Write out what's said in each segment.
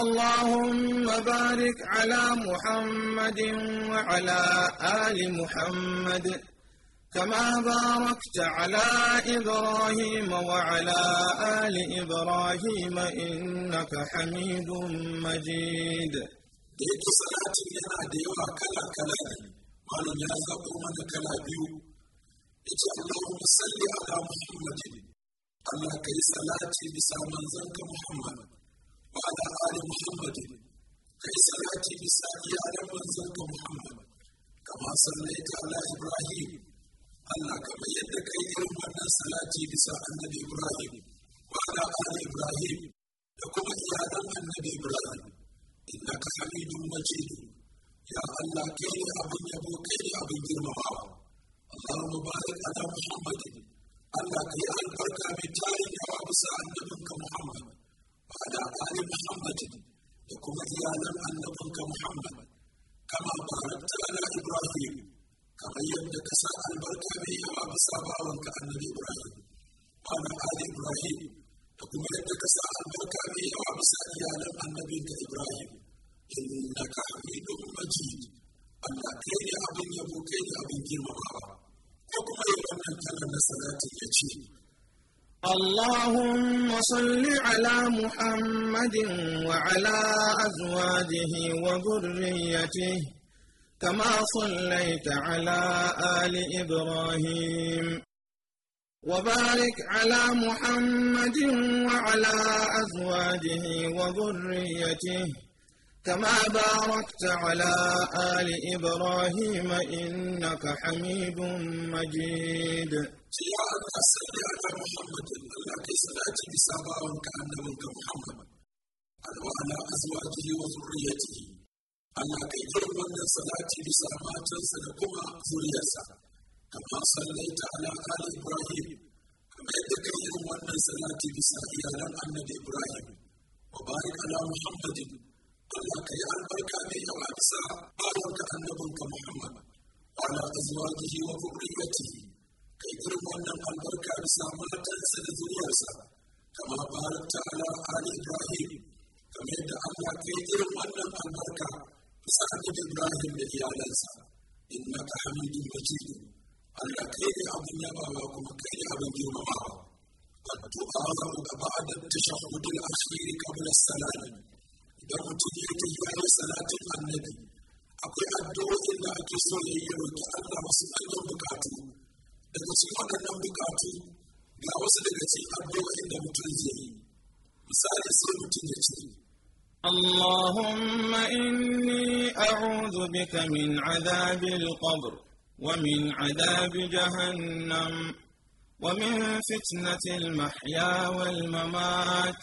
اللهم بارك على محمد وعلى آل محمد كما باركت على إبراهيم وعلى آل إبراهيم إنك حميد مجيد ديك صلاة لنا ديوا كلا كلا قالوا يا ثابو من كلا بيو اللهم صل على محمد الله كي صلاتي بسا منزلك محمد وعلى آل محمد كي صلاتي بسائي على منزلك محمد كما صليت على إبراهيم الله كما يدك أيديهم أن صلاتي بساء النبي إبراهيم وعلى آل إبراهيم لكم إيانا النبي إبراهيم إنك حميد مجيد يا الله كي أبن يبو كي أبن جرمها اللهم بارك على محمد الله كي البركة بتاريخ وابسا النبي محمد وعلى آل محمد لكم يعلم أن منك محمد كما باركت على إبراهيم كما يبدأ كساء البركة به وبسابا وانك النبي إبراهيم وعلى آل إبراهيم لكم يبدأ كساء البركة به وبساء يعلم النبي إبراهيم إنك حميد مجيد أن كيد أبن يبو كيد أبن جيم وكما يبنى كلام صلاة يجيب اللهم صل على محمد وعلى أزواجه وذريته كما صليت على آل إبراهيم وبارك على محمد وعلى أزواجه وذريته كما باركت على آل إبراهيم إنك حميد مجيد وعلى أزواجه وذريته أن كثير من الصلاة بسلامات سنقوم ذرية كما صليت على آل إبراهيم كما كثير من الصلاة بسلامات على إبراهيم وبارك على محمد قال لك يا البركة به بعد ساعة قالوا كأنكم كمحمد وعلى أزواجه وذريته كي ترموا أن البركة بسامة تنسل ذريته كما قال تعالى آل إبراهيم كما يدعى الله كي ترموا أن البركة بسامة إبراهيم لإيالته إنك حميد مجيد Allah kai ne abin yabawa kuma kai ne abin girmamawa. Addu'a ga ba'da tashahhudul akhir qabla اللهم إني أعوذ بك من عذاب القبر ومن عذاب جهنم ومن فتنة المحيا والممات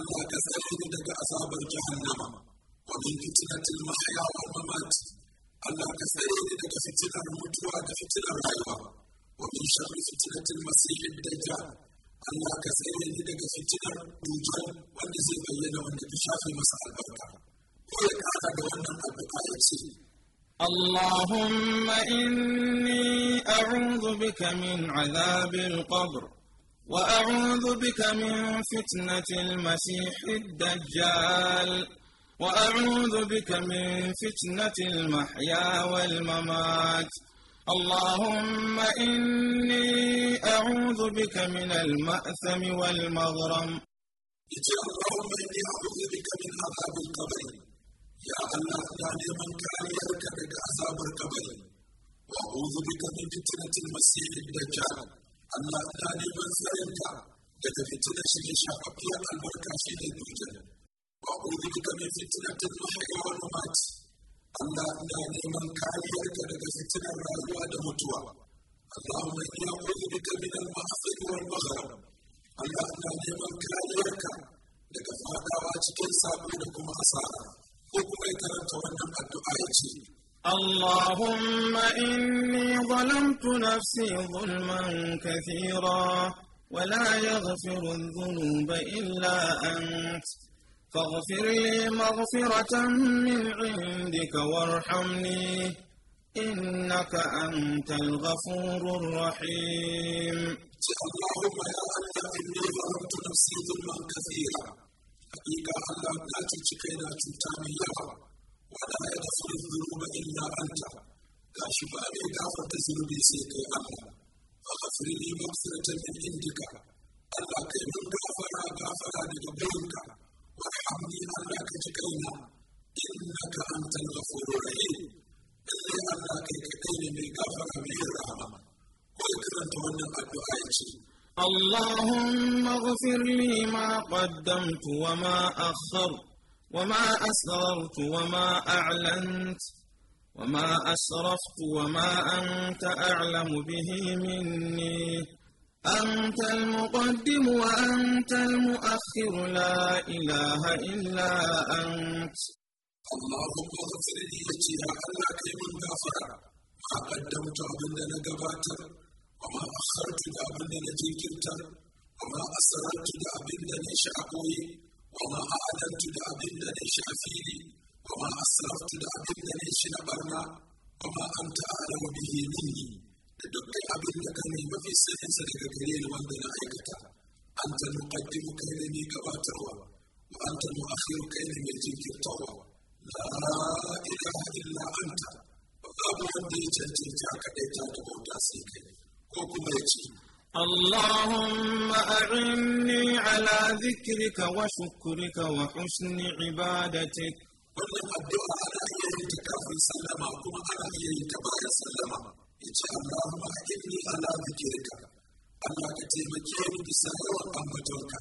الله كفاك انك جهنم ومن فتنة المحيا والممات الله كفاك فتنة الموت وفتنة الحيوة ومن شر فتنة المسيح الدجال الله كفاك فتنة الدجال والذي بين وانك شافي مسح البركة ولك هذا دوانا ابقى اللهم اني اعوذ بك من عذاب القبر وأعوذ بك من فتنة المسيح الدجال وأعوذ بك من فتنة المحيا والممات اللهم إني أعوذ بك من المأثم والمغرم اللهم إني أعوذ بك من عذاب القبر يا الله لا من كان يركبك عذاب القبر وأعوذ بك من فتنة المسيح الدجال amma ta neman tsarinka daga fitinar shi ne shafaffiyar albarka shi ne dukkan wa ƙuri duka mai fitinar ta zuwa ya wani mati Allah ina neman kariyarka daga fitinar rayuwa da mutuwa اللهم إني أعوذ بك من المعصية والمغرب Allah ina neman kariyarka daga fadawa cikin sabo da kuma asara ko kuma ya karanta wannan addu'a ya ce اللهم إني ظلمت نفسي ظلما كثيرا ولا يغفر الذنوب إلا أنت فاغفر لي مغفرة من عندك وارحمني إنك أنت الغفور الرحيم اللهم يا أنت إني ظلمت نفسي ظلما كثيرا حقيقة الله لا تجكينا تتامي يا ولا يغفر الذنوب إلا أنت كاشف علي غفرة ذنوبي سيك الله فغفر لي مغفرة من عندك الله كيمن غفر غفر لقبولك وارحمني الله كتكينا إنك أنت الغفور الرحيم إلا الله كتكينا من غفر من الرحمة ويكرمت وانا الدعاء اللهم اغفر لي ما قدمت وما أخرت وما أسررت وما أعلنت وما أسرفت وما أنت أعلم به مني أنت المقدم وأنت المؤخر لا إله إلا أنت اللهم اغفر لي يا الله كيمن غفر ما قدمت أبن نجبات وما أخرت أبن نجيكرت وما أسررت أبن نشأقوي وما أعلنت لأبن شافيني وما أسرفت لأبن شنبرنا وما أنت أعلم به مني لدك أبن كان ما في سنة لكريل وندنا أيكتا أنت المقدم كان لي قباتروا وأنت المؤخر كان من جنكتوا لا إله إلا أنت babu wanda ya cancanci aka ɗaya ta ta bauta اللهم أعني على ذكرك وشكرك وحسن عبادتك wannan addu'a ana iya yin ta kafin sallama kuma ana iya yin ta bayan sallama ya ce Allahumma inni ala zikirka Allah ka taimake ni bisa yawan ambatonka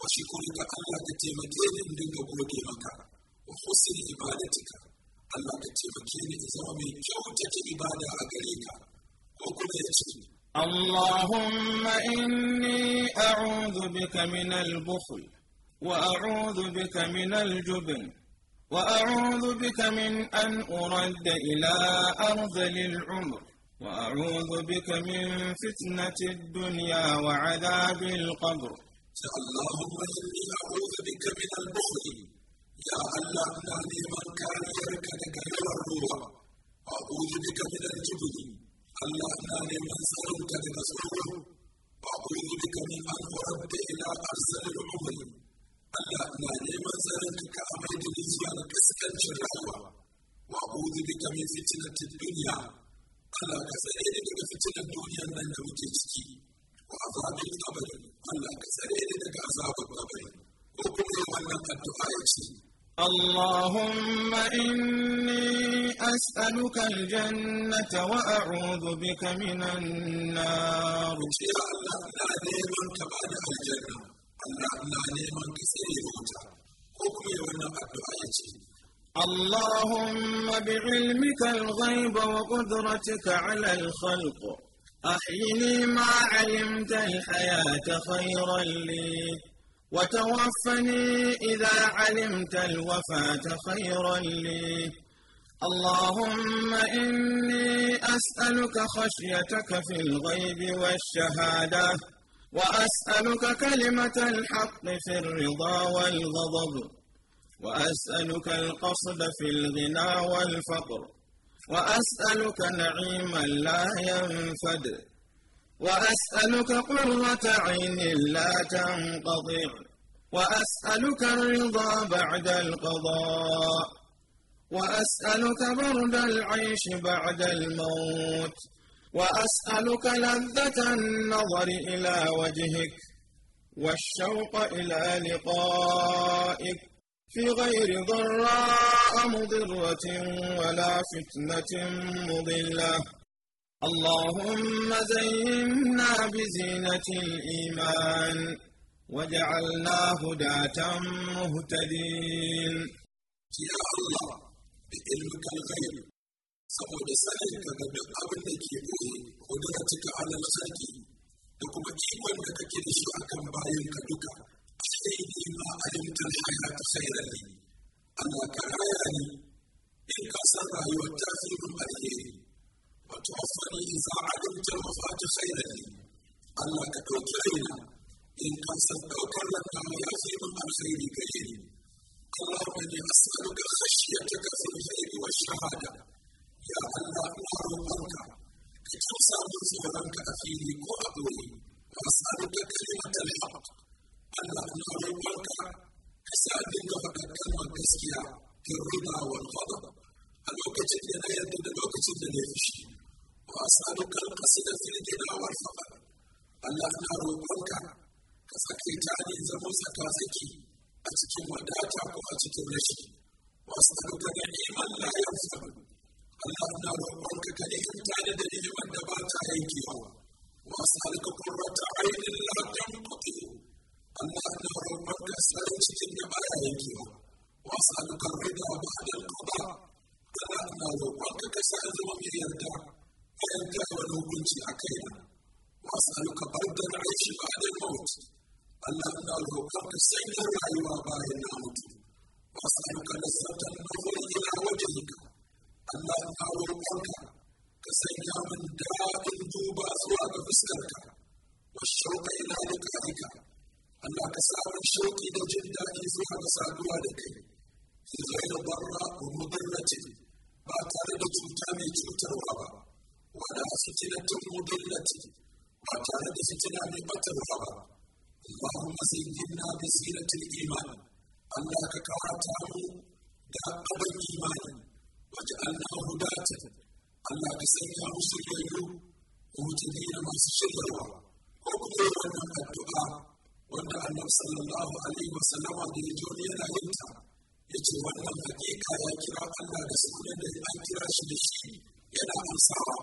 wa shukurka Allah ka taimake ni in dinga gode maka wa husni ibadatika Allah ka taimake ni in zama mai kyautata ibada a gare ka ko kuma ya ce اللهم إني أعوذ بك من البخل وأعوذ بك من الجبن وأعوذ بك من أن أرد إلى أرذل العمر وأعوذ بك من فتنة الدنيا وعذاب القبر اللهم إني أعوذ بك من البخل يا الله أمنعني من كان يركنك يرى الروح أعوذ بك من الجبن Allah na neman tsaronka daga tsoro wa a'udhu bika min an uradda ila arsalil umri Allah na neman tsaronka ka amai da ni zuwa ga kaskancin rayuwa wa a'udhu bika min fitnatid dunya Allah ka tsare ni daga fitinar duniyar nan da muke ciki wa azabil qabr Allah ka tsare ni daga azabar qabr ko kuma wannan addu'a ya ce اللهم إني أسألك الجنة وأعوذ بك من النار اللهم بعلمك الغيب وقدرتك على الخلق أحيني ما علمت الحياة خيرا لي وتوفني إذا علمت الوفاة خيرا لي اللهم إني أسألك خشيتك في الغيب والشهادة وأسألك كلمة الحق في الرضا والغضب وأسألك القصد في الغنى والفقر وأسألك نعيما لا ينفد وأسألك قرة عين لا تنقطع وأسألك الرضا بعد القضاء وأسألك برد العيش بعد الموت وأسألك لذة النظر إلى وجهك والشوق إلى لقائك في غير ضراء مضرة ولا فتنة مضلة اللهم زينا بزينة الإيمان وجعلنا هداة مهتدين يا الله بإلمك الغيب سوى بسالك قد أبن كيبوه قدرتك على الخلق لكم كيبوا لك كيبش أكم بايل كدوك أحيدي ما علمت الحياة خيرا لي أنا كرايا لي إن كسر يتغير شفعت خيرا لي ألا أتوت خيرا إن قصدت وكلمت على خير عن خير كثير اللهم إني أسألك خشيتك في الخير والشهادة يا الله أعرفك كتوسع من صورك أخيري وأبوي وأسألك كلمة الحق ألا أعرفك كسألك فقد كما تسكيا في الرضا والغضب الوقت الذي لا يدد الوقت الذي يفشي وأسألك القصد في الغنى والفقر الله نروقك كسكيتاني زمو سكازكي أتكي وداتا وأتكي رشي وأسألك نعيما لا يفهم ينفع الله نروقك كنعمتان دنيما دباتا ينكيها وأسألك قرة عين لا تنقطي الله نروقك سألتك النبايا ينكيها وأسألك الرضا بعد القضاء الله نروقك كسألتك من يرضاك وينتهي الهجوم عكينا وأسألك برد العيش بعد الموت اللهم له قبل سيد الرأي وأبائي النامت وأسألك لذة النظر إلى وجهك اللهم أرقاك كسيد من داء دوب أثواب فسكرك والشوق إلى لقائك الله كساب الشوق إلى جدا إذوها كسادوا في غير ضراء ومضرة ba tare da cuta mai cutarwa ولا فتنة مضلة وتعد فتنة مبتلها اللهم زينا بزينة الإيمان ألا ككارته دا قبل إيمان وجعلنا هداة ألا كسيا مسلمين مهتدين ما سشدوا وقلوا أن الدعاء وأن النبي صلى الله عليه وسلم عليه جوني لا ينتهى yace wannan hakika ya kira Allah da sunan da ya kira shi da shi yana amsawa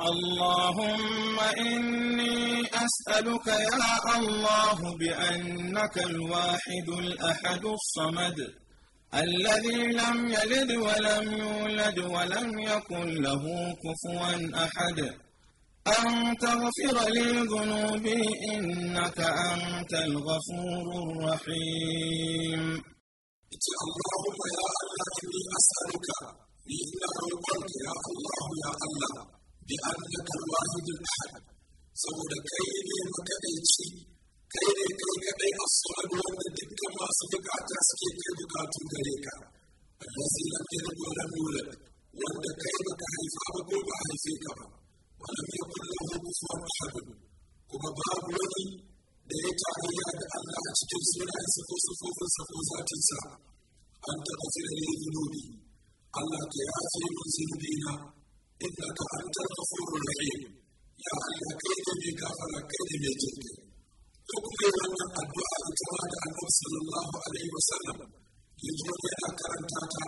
اللهم إني أسألك يا الله بأنك الواحد الأحد الصمد الذي لم يلد ولم يولد ولم يكن له كفوا أحد أن تغفر لي ذنوبي إنك أنت الغفور الرحيم اتي اللهم يا الله إني أسألك بإذنك القلب يا الله يا الله بأنك الواحد الأحد سود كيني مكأيتي كيني كي كأي الصعب وأن دك ما سبق عتاسكي كي بكاتو غريكا الذي لم يلد ولم يولد وأن كي بك حيفا بكوبا حيفيكا ولم يكن له كفوا أحد كما باب ولي da ya tarayya da Allah a cikin sunayensa ko sufofinsa ko zatinsa an taɓa firare zunubi Allah ka yafe min zunubi na inda ka an tarka furun rahim ya Allah kai da mai gafara kai da mai jinka ko kuma yi wannan addu'a da tawa da annabi sallallahu alaihi wa sallam ya zo yana karanta ta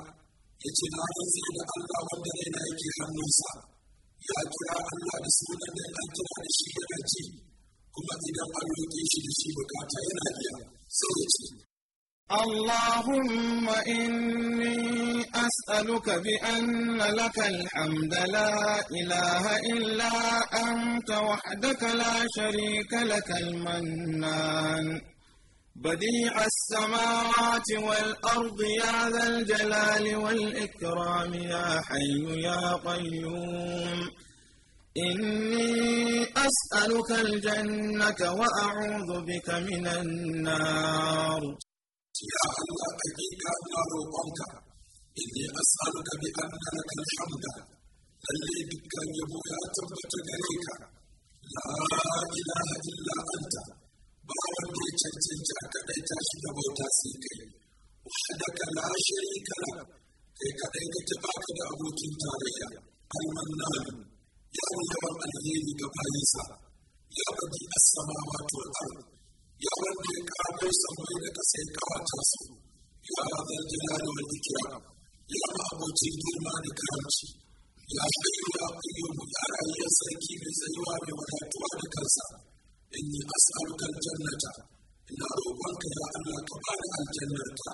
ya ce na rantsi da Allah wanda raina yake hannunsa ya kira Allah da sunan da ya kira da shi yana ci kuma idan an shi da shi bukata yana biya sai ya ce اللهم إني أسألك بأن لك الحمد لا إله إلا أنت وحدك لا شريك لك المنان بديع السماوات والأرض يا ذا الجلال والإكرام يا حي يا قيوم إني أسألك الجنة وأعوذ بك من النار يا الله أجيك أنا روحك إني أسألك بأن لك الحمد الذي بك يبوك تبت إليك لا إله إلا أنت بارك تنتج أكدت أشد بوتاسيكي وحدك لا شريك لك كيك كديك تباك لأبوك تاريا المنان ya wajaba alheri ga bayansa ya baki asamawa to al'ar ya wanda ya kawo samai da kasai kawata su ya hadar jalali wal ikram ya ma'abocin girma da karamci ya hayyu ya qayyum ya rayuwar sarki mai tsayuwa mai wadatuwa da kansa inni as'aluka aljannata ina roƙonka ya Allah ka bani aljannarka